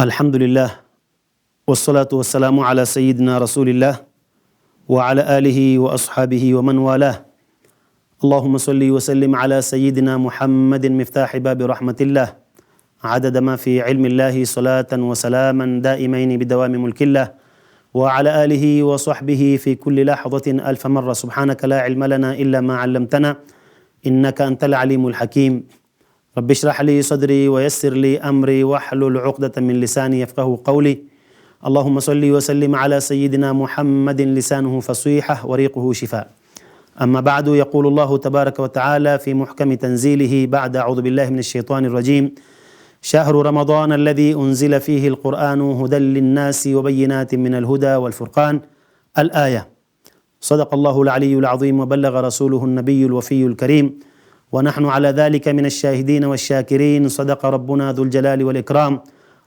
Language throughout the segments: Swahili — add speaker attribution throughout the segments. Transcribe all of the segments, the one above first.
Speaker 1: الحمد لله والصلاة والسلام على سيدنا رسول الله وعلى آله وأصحابه ومن والاه اللهم صل وسلم على سيدنا محمد مفتاح باب رحمة الله عدد ما في علم الله صلاة وسلاما دائمين بدوام ملك الله وعلى آله وصحبه في كل لحظة ألف مرة سبحانك لا علم لنا إلا ما علمتنا إنك أنت العليم الحكيم رب اشرح لي صدري ويسر لي امري واحلل عقدة من لساني يفقه قولي اللهم صل وسلم على سيدنا محمد لسانه فصيحه وريقه شفاء اما بعد يقول الله تبارك وتعالى في محكم تنزيله بعد اعوذ بالله من الشيطان الرجيم شهر رمضان الذي انزل فيه القران هدى للناس وبينات من الهدى والفرقان الايه صدق الله العلي العظيم وبلغ رسوله النبي الوفي الكريم ونحن على ذلك من الشاهدين والشاكرين صدق ربنا ذو الجلال والاكرام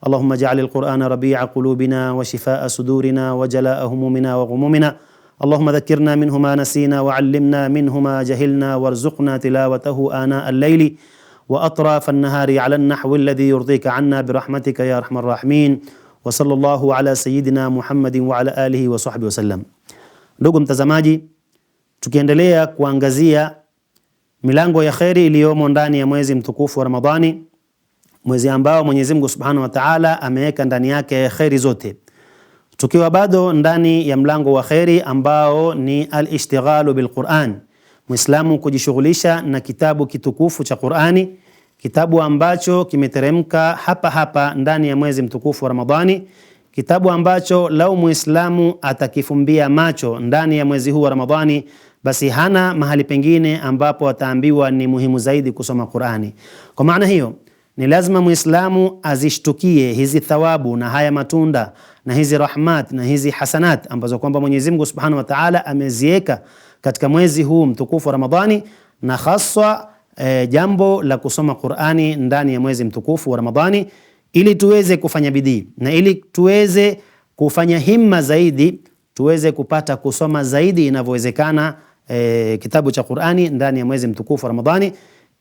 Speaker 1: اللهم اجعل القران ربيع قلوبنا وشفاء صدورنا وجلاء همومنا وغمومنا اللهم ذكرنا منه ما نسينا وعلمنا منه ما جهلنا وارزقنا تلاوته اناء الليل واطراف النهار على النحو الذي يرضيك عنا برحمتك يا ارحم الراحمين وصلى الله على سيدنا محمد وعلى آله وصحبه وسلم sahbihi تزماجي تكيندليا mtazamaji, milango ya kheri iliyomo ndani ya mwezi mtukufu wa Ramadhani, mwezi ambao Mwenyezi Mungu Subhanahu wa Ta'ala ameweka ndani yake kheri zote. Tukiwa bado ndani ya mlango wa kheri ambao ni al-ishtighalu bil Qur'an, Muislamu kujishughulisha na kitabu kitukufu cha Qur'ani, kitabu ambacho kimeteremka hapa hapa ndani ya mwezi mtukufu wa Ramadhani, kitabu ambacho lau Muislamu atakifumbia macho ndani ya mwezi huu wa Ramadhani basi hana mahali pengine ambapo ataambiwa ni muhimu zaidi kusoma Qur'ani. Kwa maana hiyo ni lazima Muislamu azishtukie hizi thawabu na haya matunda na hizi rahmat na hizi hasanat ambazo kwamba Mwenyezi Mungu Subhanahu wa Ta'ala amezieka katika mwezi huu mtukufu wa Ramadhani na haswa e, jambo la kusoma Qur'ani ndani ya mwezi mtukufu wa Ramadhani ili tuweze kufanya bidii na ili tuweze kufanya himma zaidi tuweze kupata kusoma zaidi inavyowezekana e, kitabu cha Qur'ani ndani ya mwezi mtukufu Ramadhani,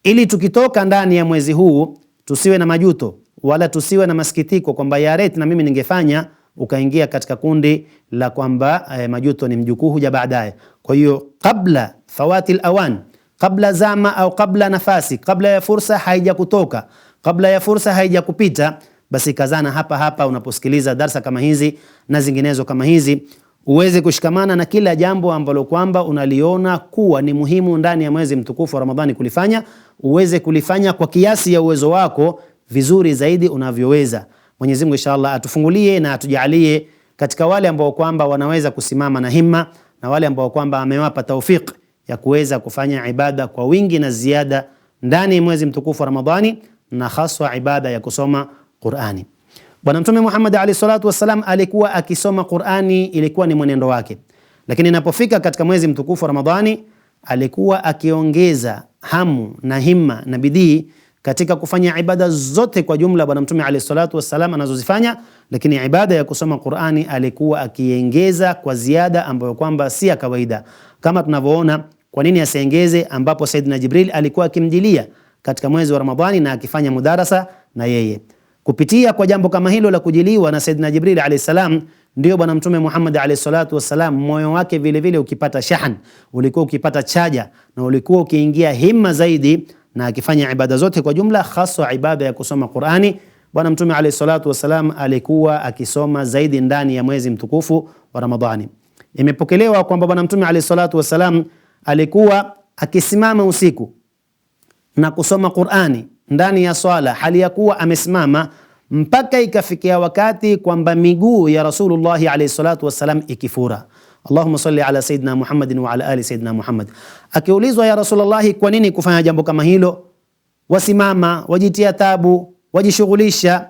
Speaker 1: ili tukitoka ndani ya mwezi huu tusiwe na majuto wala tusiwe na masikitiko kwamba ya na mimi ningefanya ukaingia katika kundi la kwamba e, majuto ni mjukuu huja baadaye. Kwa hiyo kabla fawati lawan, kabla zama au kabla nafasi, kabla ya fursa haija kutoka, kabla ya fursa haija kupita, basi kazana hapa hapa unaposikiliza darsa kama hizi na zinginezo kama hizi uweze kushikamana na kila jambo ambalo kwamba unaliona kuwa ni muhimu ndani ya mwezi mtukufu wa Ramadhani kulifanya, uweze kulifanya kwa kiasi ya uwezo wako vizuri zaidi unavyoweza. Mwenyezi Mungu inshallah atufungulie na atujalie katika wale ambao kwamba wanaweza kusimama na himma na wale ambao kwamba amewapa taufiki ya kuweza kufanya ibada kwa wingi na ziada ndani ya mwezi mtukufu wa Ramadhani na haswa ibada ya kusoma Qur'ani. Bwana Mtume Muhammad alayhi salatu wasalam alikuwa akisoma Qur'ani, ilikuwa ni mwenendo wake, lakini inapofika katika mwezi mtukufu wa Ramadhani alikuwa akiongeza hamu na himma na bidii katika kufanya ibada zote kwa jumla Bwana Mtume alayhi salatu wasalam anazozifanya, lakini ibada ya kusoma Qur'ani alikuwa akiengeza kwa ziada ambayo kwamba si ya kawaida, kama tunavyoona. Kwa nini asiengeze ambapo Saidina Jibril alikuwa akimjilia katika mwezi wa Ramadhani na akifanya mudarasa na yeye. Kupitia kwa jambo kama hilo la kujiliwa na Saidina Jibril alayhi salam, ndio Bwana Mtume Muhammad alayhi salatu wassalam moyo wake vile vile ukipata shahan, ulikuwa ukipata chaja na ulikuwa ukiingia himma zaidi, na akifanya ibada zote kwa jumla, hasa ibada ya kusoma Qur'ani. Bwana Mtume alayhi salatu wassalam alikuwa akisoma zaidi ndani ya mwezi mtukufu wa Ramadhani. Imepokelewa kwamba Bwana Mtume alayhi salatu wassalam alikuwa akisimama usiku na kusoma Qur'ani ndani ya swala hali ya kuwa amesimama mpaka ikafikia wakati kwamba miguu ya Rasulullah alayhi salatu wasalam ikifura. Allahumma salli ala sayyidina Muhammad wa ala ali sayyidina Muhammad. Akiulizwa ya Rasulullah, kwa nini kufanya jambo kama hilo? Wasimama, wajitia tabu, wajishughulisha,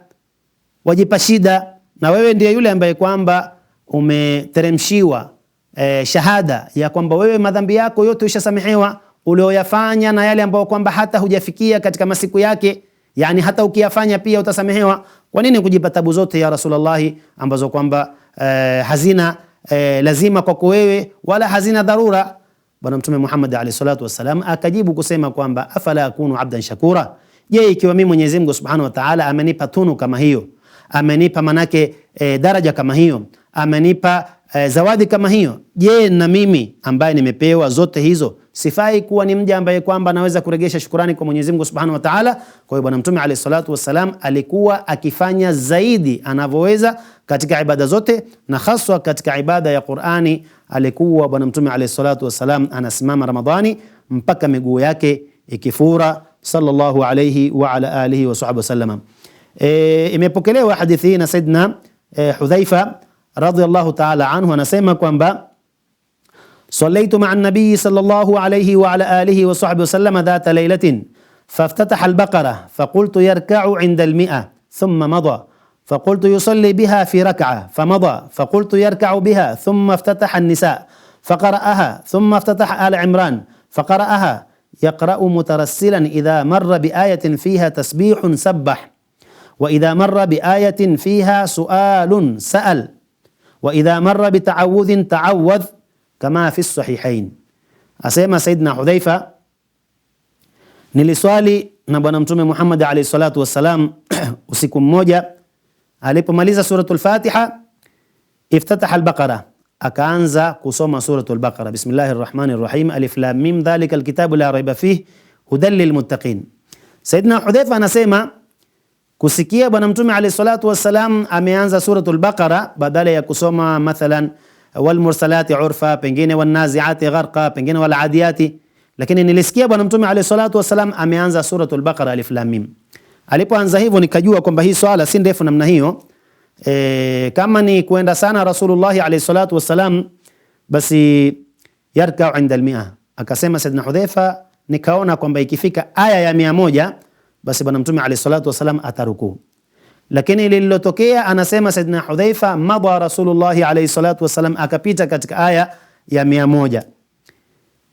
Speaker 1: wajipa shida, na wewe ndiye yule ambaye kwamba umeteremshiwa eh, shahada ya kwamba wewe madhambi yako yote ushasamehewa ulioyafanya na yale ambayo kwamba hata hujafikia katika masiku yake, yani hata ukiyafanya pia utasamehewa. Kwa nini kujipa tabu zote ya Rasulullah ambazo kwamba eh, hazina eh, lazima kwako wewe wala hazina dharura? Bwana Mtume Muhammad alayhi salatu wasalam akajibu kusema kwamba afala akunu abdan shakura, je, ikiwa mimi Mwenyezi Mungu Subhanahu wa Ta'ala amenipa tunu kama hiyo, amenipa manake eh, daraja kama hiyo, amenipa eh, zawadi kama hiyo, je, na mimi ambaye nimepewa zote hizo sifai kuwa ni mja ambaye kwamba anaweza kuregesha shukurani kwa Mwenyezi Mungu Subhanahu wa Ta'ala. Kwa hiyo Bwana Mtume alayhi salatu wassalam alikuwa akifanya zaidi anavyoweza katika ibada zote, na haswa katika ibada ya Qur'ani alikuwa Bwana Mtume alayhi salatu wassalam anasimama Ramadhani mpaka miguu yake ikifura, sallallahu alayhi wa ala alihi wa sahbihi wasallam. E, imepokelewa hadithi na Saidna e, Hudhaifa radhiyallahu ta'ala anhu anasema kwamba صليت مع النبي صلى الله عليه وعلى آله وصحبه وسلم ذات ليلة فافتتح البقرة فقلت يركع عند المئة ثم مضى فقلت يصلي بها في ركعة فمضى فقلت يركع بها ثم افتتح النساء فقرأها ثم افتتح آل عمران فقرأها يقرأ مترسلا إذا مر بآية فيها تسبيح سبح وإذا مر بآية فيها سؤال سأل وإذا مر بتعوذ تعوذ كما في الصحيحين أسيما سيدنا حذيفة نلسوالي نبونا نتومي محمد عليه الصلاة والسلام وسيكم موجة أليكم مليزة سورة الفاتحة افتتح البقرة أكانزا كسوما سورة البقرة بسم الله الرحمن الرحيم ألف لام ميم ذلك الكتاب لا ريب فيه هدى للمتقين سيدنا حذيفة نسيما كسكية بنمتومي عليه الصلاة والسلام أميانزا سورة البقرة بدل يا كسوما مثلاً walmursalati urfa, pengine wanaziati gharqa, pengine waladiyati. Lakini nilisikia Bwana Mtume alayhi salatu wasalam ameanza suratul Baqara alif lam mim. Alipoanza hivyo nikajua kwamba hii swala si ndefu namna hiyo. E, kama ni kuenda sana Rasulullah alayhi salatu wasalam basi yarkau inda almia, akasema Saidna Hudhaifa, nikaona kwamba ikifika aya ya mia moja basi Bwana Mtume alayhi salatu wasalam ataruku lakini lililotokea anasema Saidna Hudhaifa, madha Rasulullahi alayhi salatu wasalam, akapita katika aya ya mia moja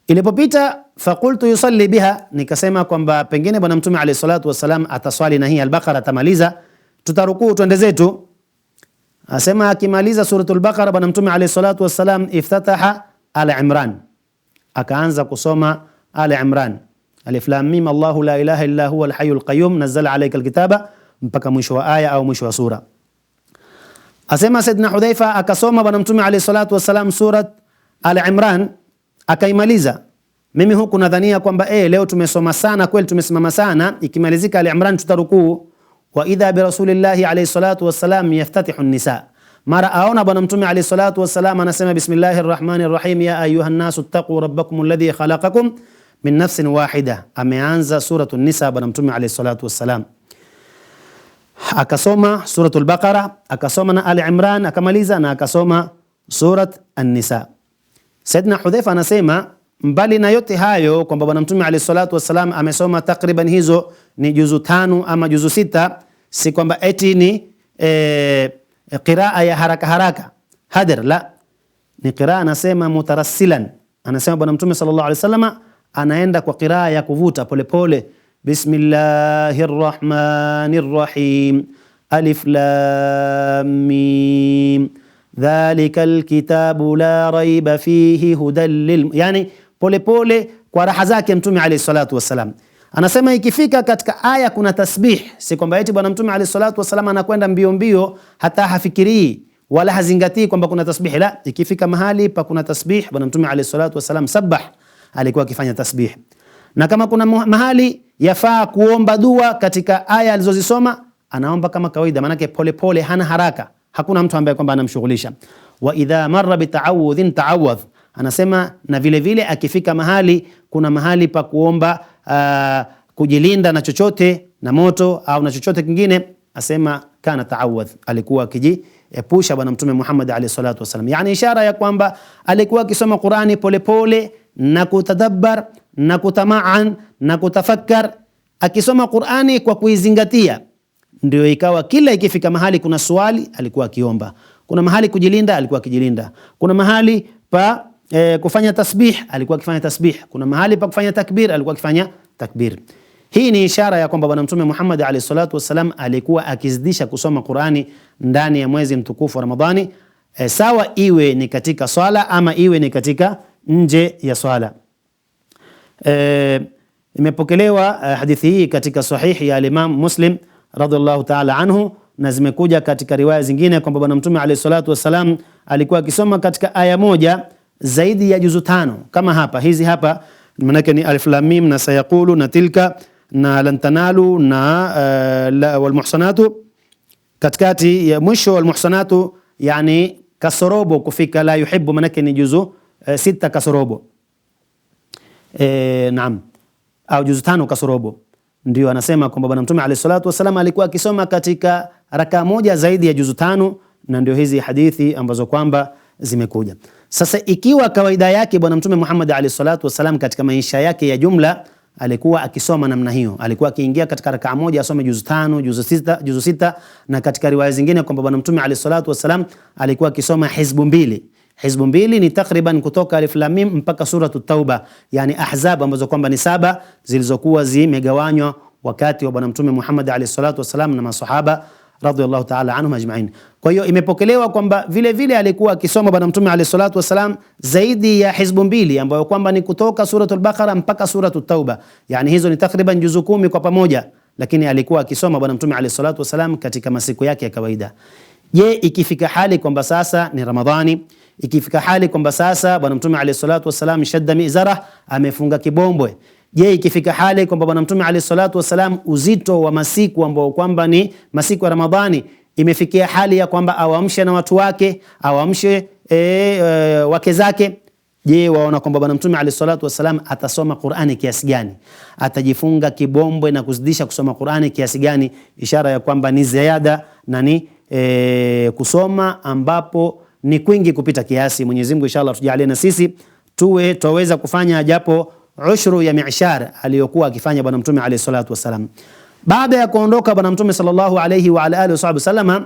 Speaker 1: ilipopita fakultu yusalli biha, nikasema kwamba pengine Bwana Mtume alayhi salatu wasalam ataswali na hii Albaqara, atamaliza tutarukuu, twende zetu. Asema akimaliza suratul Baqara, Bwana Mtume alayhi salatu wasalam iftataha Ala Imran, akaanza kusoma Ala Imran, alif lam mim, Allahu la ilaha illa huwa alhayyul qayyum nazzala alayka alkitaba mpaka mwisho wa aya au mwisho wa sura. Asema Saidna Hudhaifa akasoma Bwana Mtume alayhi salatu wasalam surat Al-Imran akaimaliza. Mimi huku nadhania kwamba eh, leo tumesoma sana kweli, tumesimama sana. Ikimalizika Al-Imran tutarukuu. Wa idha bi rasulillahi alayhi salatu wasalam yaftatihu nisa mara aona Bwana Mtume alayhi salatu wasalam anasema bismillahir rahmanir rahim, ya ayuha nasu taqu rabbakum alladhi khalaqakum min nafsin wahida. Ameanza suratu an-nisa Bwana Mtume alayhi salatu wasalam akasoma suratul Baqara, akasoma na Ali Imran akamaliza, na akasoma surat An-Nisa. Saidna Hudhaifa anasema mbali na yote hayo kwamba Bwana Mtume alayhi salatu wassalam amesoma takriban hizo ni juzu tano ama juzu sita, si kwamba eti ni e, qiraa ya haraka haraka hadr, la ni qiraa, anasema mutarassilan. Anasema Bwana Mtume sallallahu alayhi wasallam anaenda kwa qiraa ya kuvuta polepole pole, بسم الله الرحمن الرحيم ألف لام ميم ذلك الكتاب لا ريب فيه هدى للم يعني بولي بولي وراح زاك عليه الصلاة والسلام أنا سمع يكفيك كتك آية كنا تسبيح سيكون بايتي بنا عليه الصلاة والسلام أنا كوين بيوم بيو حتى هفكري ولا هزنغتي كون بكنا تسبيح لا يكفيك مهالي بكنا تسبيح بنا عليه الصلاة والسلام سبح عليكوا كيفان تسبيح na kama kuna mahali yafaa kuomba dua katika aya alizozisoma anaomba kama kawaida, maanake polepole, hana haraka, hakuna mtu ambaye kwamba anamshughulisha. Wa idha marra bita'awudhin ta'awadh, anasema na vile vile akifika mahali kuna mahali pa kuomba uh, kujilinda na chochote na moto au na chochote kingine, asema kana ta'awadh, alikuwa epusha Bwana Mtume Muhammad alayhi salatu wasallam. Yani ishara ya kwamba alikuwa akisoma Qur'ani polepole pole, na kutadabbar na kutamaan na kutafakkar, akisoma Qur'ani kwa kuizingatia, ndio ikawa kila ikifika mahali kuna swali alikuwa akiomba, kuna mahali kujilinda alikuwa akijilinda, kuna mahali pa e, kufanya tasbih alikuwa akifanya tasbih, kuna mahali pa kufanya takbir alikuwa akifanya takbir. Hii ni ishara ya kwamba Bwana Mtume Muhammad alayhi salatu wasalam alikuwa akizidisha kusoma Qur'ani ndani ya mwezi mtukufu wa Ramadhani, e, sawa iwe ni katika swala ama iwe ni katika nje ya swala. E, imepokelewa e, hadithi hii katika sahihi ya imam Muslim radhiallahu ta'ala anhu na zimekuja katika riwaya zingine kwamba Bwana Mtume alayhi salatu wasalam alikuwa akisoma katika aya moja zaidi ya juzu tano kama hapa. Hizi hapa maanake ni alif lam mim na sayaqulu na tilka na lan tanalu na uh, e, walmuhsanatu katikati ya mwisho walmuhsanatu, yani kasorobo kufika la yuhibbu, maanake ni juzu e, sita kasorobo e, naam au juzu tano kasorobo ndio anasema kwamba Bwana Mtume alayhi salatu wasallam alikuwa akisoma katika rakaa moja zaidi ya juzu tano, na ndio hizi hadithi ambazo kwamba zimekuja sasa. Ikiwa kawaida yake Bwana Mtume Muhammad alayhi salatu wasallam katika maisha yake ya jumla alikuwa akisoma namna hiyo, alikuwa akiingia katika rakaa moja asome juzu tano, juzu sita, juzu sita, na katika riwaya zingine kwamba Bwana Mtume alayhi salatu wasallam alikuwa akisoma hizbu mbili Hizbu mbili ni takriban kutoka Alif Lam Mim mpaka suratu Tauba, yani ahzab ambazo kwamba ni saba zilizokuwa zimegawanywa wakati wa Bwana Mtume Muhammad alayhi salatu wasalam na masahaba radhiyallahu ta'ala anhum ajma'in. Kwa hiyo imepokelewa kwamba vile vile alikuwa akisoma Bwana Mtume alayhi salatu wasalam zaidi ya hizbu mbili ambayo kwamba ni kutoka suratul Baqara mpaka suratu Tauba, yani hizo ni takriban juzu kumi kwa pamoja, lakini alikuwa akisoma Bwana Mtume alayhi salatu wasalam katika masiku yake ya kawaida. Je, ikifika hali kwamba sasa ni Ramadhani ikifika hali kwamba sasa Bwana Mtume alayhi salatu wasalam shadda mizara, amefunga kibombwe. Je, ikifika hali kwamba Bwana Mtume alayhi salatu wasalam uzito wa masiku ambao kwamba ni masiku ya Ramadhani imefikia hali ya kwamba awamshe na watu wake awamshe e, e, wake zake. Je, waona kwamba Bwana Mtume alayhi salatu wasalam atasoma Qur'ani kiasi gani? Atajifunga kibombwe na kuzidisha kusoma Qur'ani kiasi gani? Ishara ya kwamba ni ziada na ni e, kusoma ambapo ni kwingi kupita kiasi. Mwenyezi Mungu inshallah tujalie na sisi tuwe twaweza kufanya japo ushru ya mi'shar aliyokuwa akifanya bwana mtume alayhi salatu wasalam. Baada ya kuondoka bwana mtume sallallahu alayhi wa alihi wa sahbihi wasallam,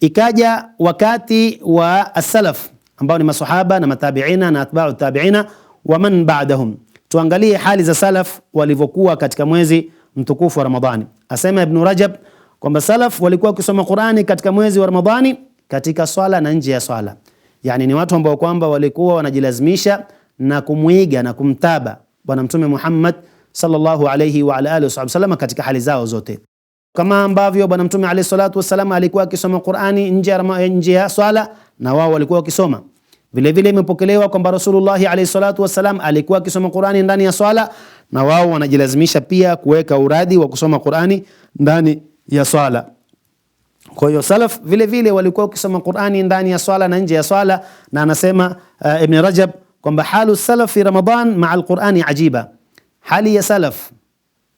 Speaker 1: ikaja wakati wa as-salaf ambao ni masahaba na matabiina na atba'u tabiina wa man ba'dahum. Tuangalie hali za salaf walivyokuwa katika mwezi mtukufu wa Ramadhani. Asema Ibn Rajab kwamba salaf walikuwa wakisoma Qur'ani katika mwezi wa Ramadhani katika swala na nje ya swala. Yani ni watu ambao kwamba walikuwa wanajilazimisha na kumwiga na kumtaba Bwana Mtume Muhammad sallallahu alayhi wa ala alihi wa sallam katika hali zao zote, kama ambavyo Bwana Mtume alayhi salatu wasallam alikuwa akisoma Qur'ani nje ya swala na wao walikuwa wakisoma vile vile. Imepokelewa kwamba Rasulullah alayhi salatu wasallam alikuwa akisoma Qur'ani ndani ya swala na wao wanajilazimisha pia kuweka uradi wa kusoma Qur'ani ndani ya swala. Kwa hiyo salaf vile vile walikuwa wakisoma Qur'ani ndani ya swala na nje ya swala, na anasema uh, Ibn Rajab kwamba halu salaf fi Ramadan maa al-Qur'ani ajiba, hali ya salaf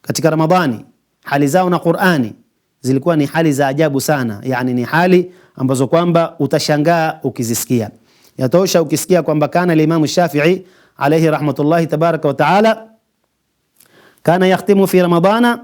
Speaker 1: katika Ramadhani hali zao na Qur'ani zilikuwa ni hali za ajabu sana, yani ni hali ambazo kwamba utashangaa ukizisikia. Yatosha ukisikia kwamba kana limamu Shafi'i alayhi rahmatullahi tabaraka wa taala kana yakhtimu fi Ramadana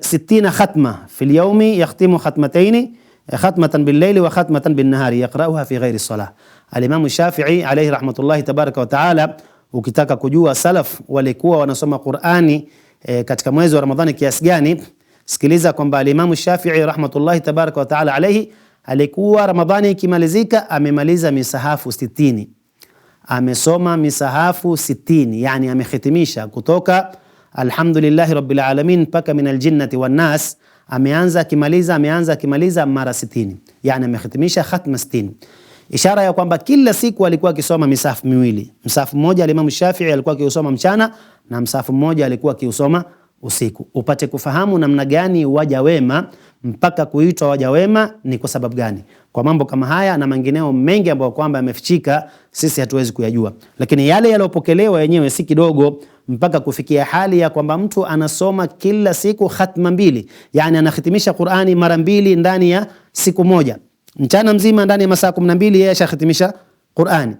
Speaker 1: ستين ختمة في اليوم يختم ختمتين ختمة بالليل وختمة بالنهار يقرأها في غير الصلاة Alimamu Shafi'i alaihi rahmatullahi tabaraka wa taala, ukitaka kujua salaf walikuwa wanasoma Qur'ani e, katika mwezi wa Ramadhani kiasi gani, sikiliza kwamba Alimamu Shafi'i rahmatullahi tabaraka wa taala alaihi alikuwa Ramadhani ikimalizika amemaliza misahafu sitini, amesoma misahafu sitini, yani amehitimisha kutoka alhamdulillahi rabbil alamin mpaka min aljinnati wannas ameanza akimaliza ameanza akimaliza mara 60 yani amehitimisha khatma 60 ishara ya kwamba kila siku alikuwa akisoma misafu miwili msafu mmoja alimamu Shafi'i alikuwa akiusoma mchana na msafu mmoja alikuwa akiusoma usiku, upate kufahamu namna gani waja wema mpaka kuitwa waja wema ni kwa sababu gani. Kwa mambo kama haya na mengineo mengi ambayo kwamba yamefichika, sisi hatuwezi kuyajua, lakini yale yaliyopokelewa yenyewe si kidogo, mpaka kufikia hali ya kwamba mtu anasoma kila siku khatma mbili, yani anahitimisha Qur'ani mara mbili ndani ya siku moja, mchana mzima ndani ya masaa 12 yeye ashahitimisha Qur'ani,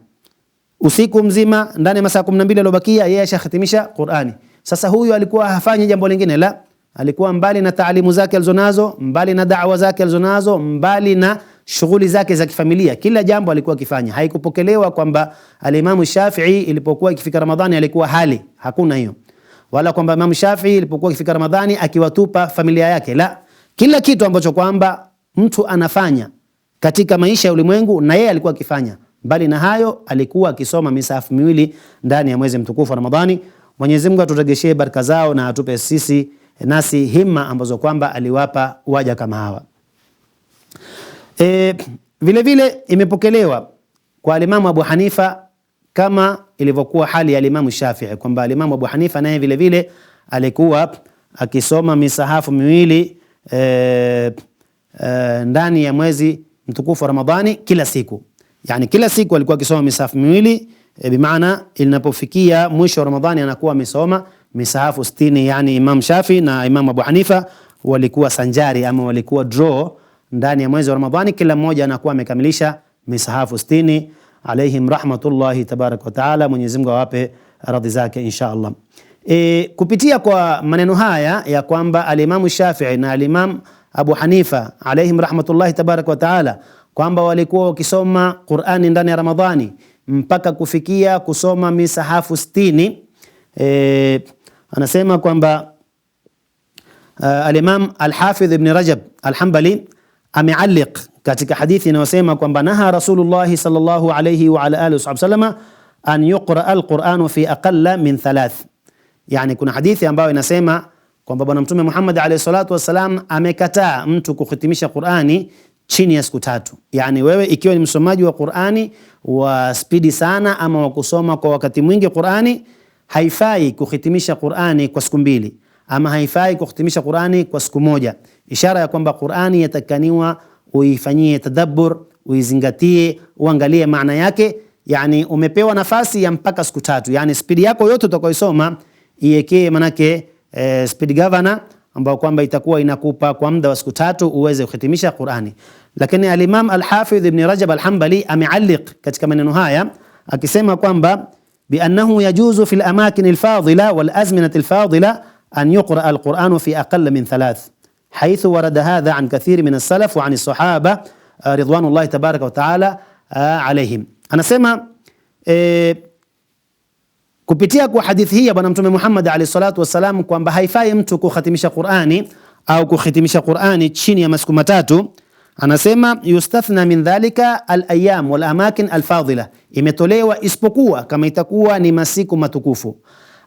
Speaker 1: usiku mzima ndani ya masaa 12 yaliyobakia yeye ashahitimisha Qur'ani. Sasa huyu alikuwa hafanyi jambo lingine la, alikuwa mbali na taalimu zake alizonazo, mbali na da'wa zake alizonazo, mbali na shughuli zake za kifamilia, kila jambo alikuwa akifanya. Haikupokelewa kwamba alimamu Shafi'i ilipokuwa ikifika Ramadhani alikuwa hali, hakuna hiyo, wala kwamba imamu Shafi'i ilipokuwa ikifika Ramadhani akiwatupa familia yake, la, kila kitu ambacho kwamba mtu anafanya katika maisha ya ulimwengu na yeye alikuwa akifanya. Mbali na hayo, alikuwa akisoma misahafu miwili ndani ya mwezi mtukufu wa Ramadhani. Mwenyezi Mungu aturegeshee baraka zao na atupe sisi nasi himma ambazo kwamba aliwapa waja kama hawa. E, vile vile imepokelewa kwa alimamu Abu Hanifa kama ilivyokuwa hali ya alimamu Shafi'i kwamba alimamu Abu Hanifa naye vile vile alikuwa akisoma misahafu miwili e, e, ndani ya mwezi mtukufu wa Ramadhani kila siku, yani kila siku alikuwa akisoma misahafu miwili e, bimaana ilinapofikia mwisho wa Ramadhani anakuwa amesoma misahafu sitini. Yani Imam Shafi na Imam Abu Hanifa walikuwa sanjari ama walikuwa draw ndani ya mwezi wa Ramadhani, kila mmoja anakuwa amekamilisha misahafu sitini. Alaihim rahmatullahi tabaraka wa taala, Mwenyezi Mungu awape radhi zake insha Allah. E, kupitia kwa maneno haya ya kwamba alimamu Shafi'i na alimamu Abu Hanifa alaihim rahmatullahi tabaraka wa taala kwamba walikuwa wakisoma Qur'ani ndani ya Ramadhani mpaka kufikia kusoma misahafu sitini. E, anasema kwamba e, Alimam Alhafidh Ibn Rajab Alhambali amealiq katika hadithi inayosema kwamba naha Rasulullah sallallahu alayhi wa ala alihi wasallam an yuqra alquran fi aqalla min thalath, yani kuna hadithi ambayo inasema kwamba Bwana Mtume Muhammad alayhi salatu wasalam amekataa mtu kuhitimisha Qurani chini ya siku tatu. Yani wewe ikiwa ni msomaji wa Qur'ani wa spidi sana ama wa kusoma kwa wakati mwingi Qur'ani, haifai kuhitimisha Qur'ani kwa siku mbili ama haifai kuhitimisha Qur'ani kwa siku moja, ishara ya kwamba Qur'ani yatakaniwa uifanyie tadabbur, uizingatie, uangalie maana yake. Yani umepewa nafasi ya mpaka siku tatu, yani spidi yako yote utakayosoma iwekee manake eh, speed governor ambayo kwamba itakuwa inakupa kwa muda wa siku tatu uweze kuhitimisha Qur'ani. Lakini al-Imam al-Hafidh Ibn Rajab al-Hanbali katika maneno haya akisema kwamba bi annahu yajuzu fil amakin al-fadila wal an yuqra al fi aqall min thalath haythu warada hadha an kathiri min as wa an sahaba ridwanullahi tabaraka wa taala alayhim. Anasema eh, kupitia kwa hadithi hii ya Bwana Mtume Muhammad alayhi salatu wasalam kwamba haifai mtu kuhatimisha Qur'ani au kuhitimisha Qur'ani chini ya masiku matatu. Anasema yustathna min dhalika al-ayyam wal amakin al-fadila, imetolewa isipokuwa kama itakuwa ni masiku matukufu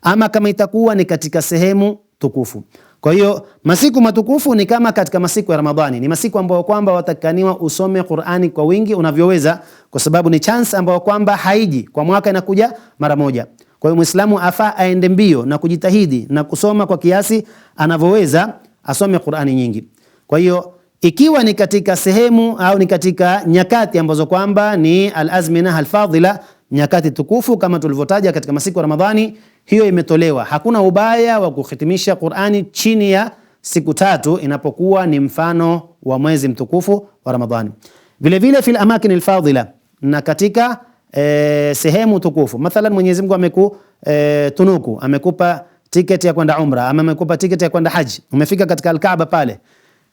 Speaker 1: ama kama itakuwa ni katika sehemu tukufu. Kwa hiyo masiku matukufu ni kama katika masiku ya Ramadhani, ni masiku ambayo kwamba watakaniwa usome Qur'ani kwa wingi unavyoweza, kwa sababu ni chance ambayo kwamba haiji kwa mwaka, inakuja mara moja. Kwa hiyo Muislamu afaa aende mbio na kujitahidi na kusoma kwa kiasi anavyoweza, asome Qur'ani nyingi. Kwa hiyo ikiwa ni katika sehemu au ni katika nyakati ambazo kwamba ni al-azmina al-fadila, nyakati tukufu kama tulivyotaja katika masiku ya Ramadhani, hiyo imetolewa. Hakuna ubaya wa kuhitimisha Qur'ani chini ya siku tatu inapokuwa ni mfano wa mwezi mtukufu wa Ramadhani. Vile vile fil amakin al-fadila, na katika e, sehemu tukufu. Mathalan Mwenyezi Mungu ameku e, tunuku amekupa tiketi ya kwenda umra ama amekupa tiketi ya kwenda haji, umefika katika Alkaaba pale,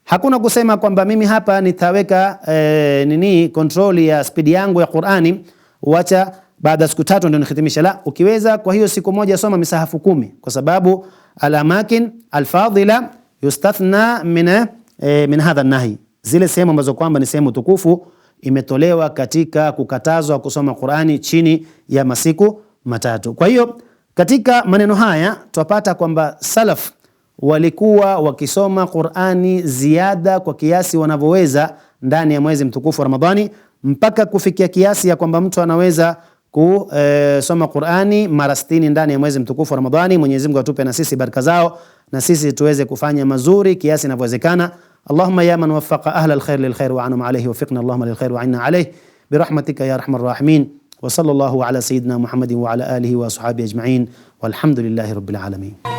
Speaker 1: hakuna kusema kwamba mimi hapa nitaweka e, nini control ya spidi yangu ya Qur'ani, wacha baada ya siku tatu ndio nihitimisha. La, ukiweza kwa hiyo siku moja soma misahafu kumi kwa sababu alamakin alfadila yustathna min e, min hadha nahi, zile sehemu ambazo kwamba ni sehemu tukufu imetolewa katika kukatazwa kusoma Qur'ani chini ya masiku matatu. Kwa hiyo katika maneno haya twapata kwamba salaf walikuwa wakisoma Qur'ani ziada kwa kiasi wanavyoweza ndani ya mwezi mtukufu wa Ramadhani mpaka kufikia kiasi ya kwamba mtu anaweza kusoma e, Qur'ani mara 60 ndani ya mwezi mtukufu wa Ramadhani. Mwenyezi Mungu atupe na sisi baraka zao na sisi tuweze kufanya mazuri kiasi inavyowezekana. اللهم يا من وفق أهل الخير للخير وعنهم عليه وفقنا اللهم للخير وعنا عليه برحمتك يا أرحم الراحمين وصلى الله على سيدنا محمد وعلى آله وصحابه أجمعين والحمد لله رب العالمين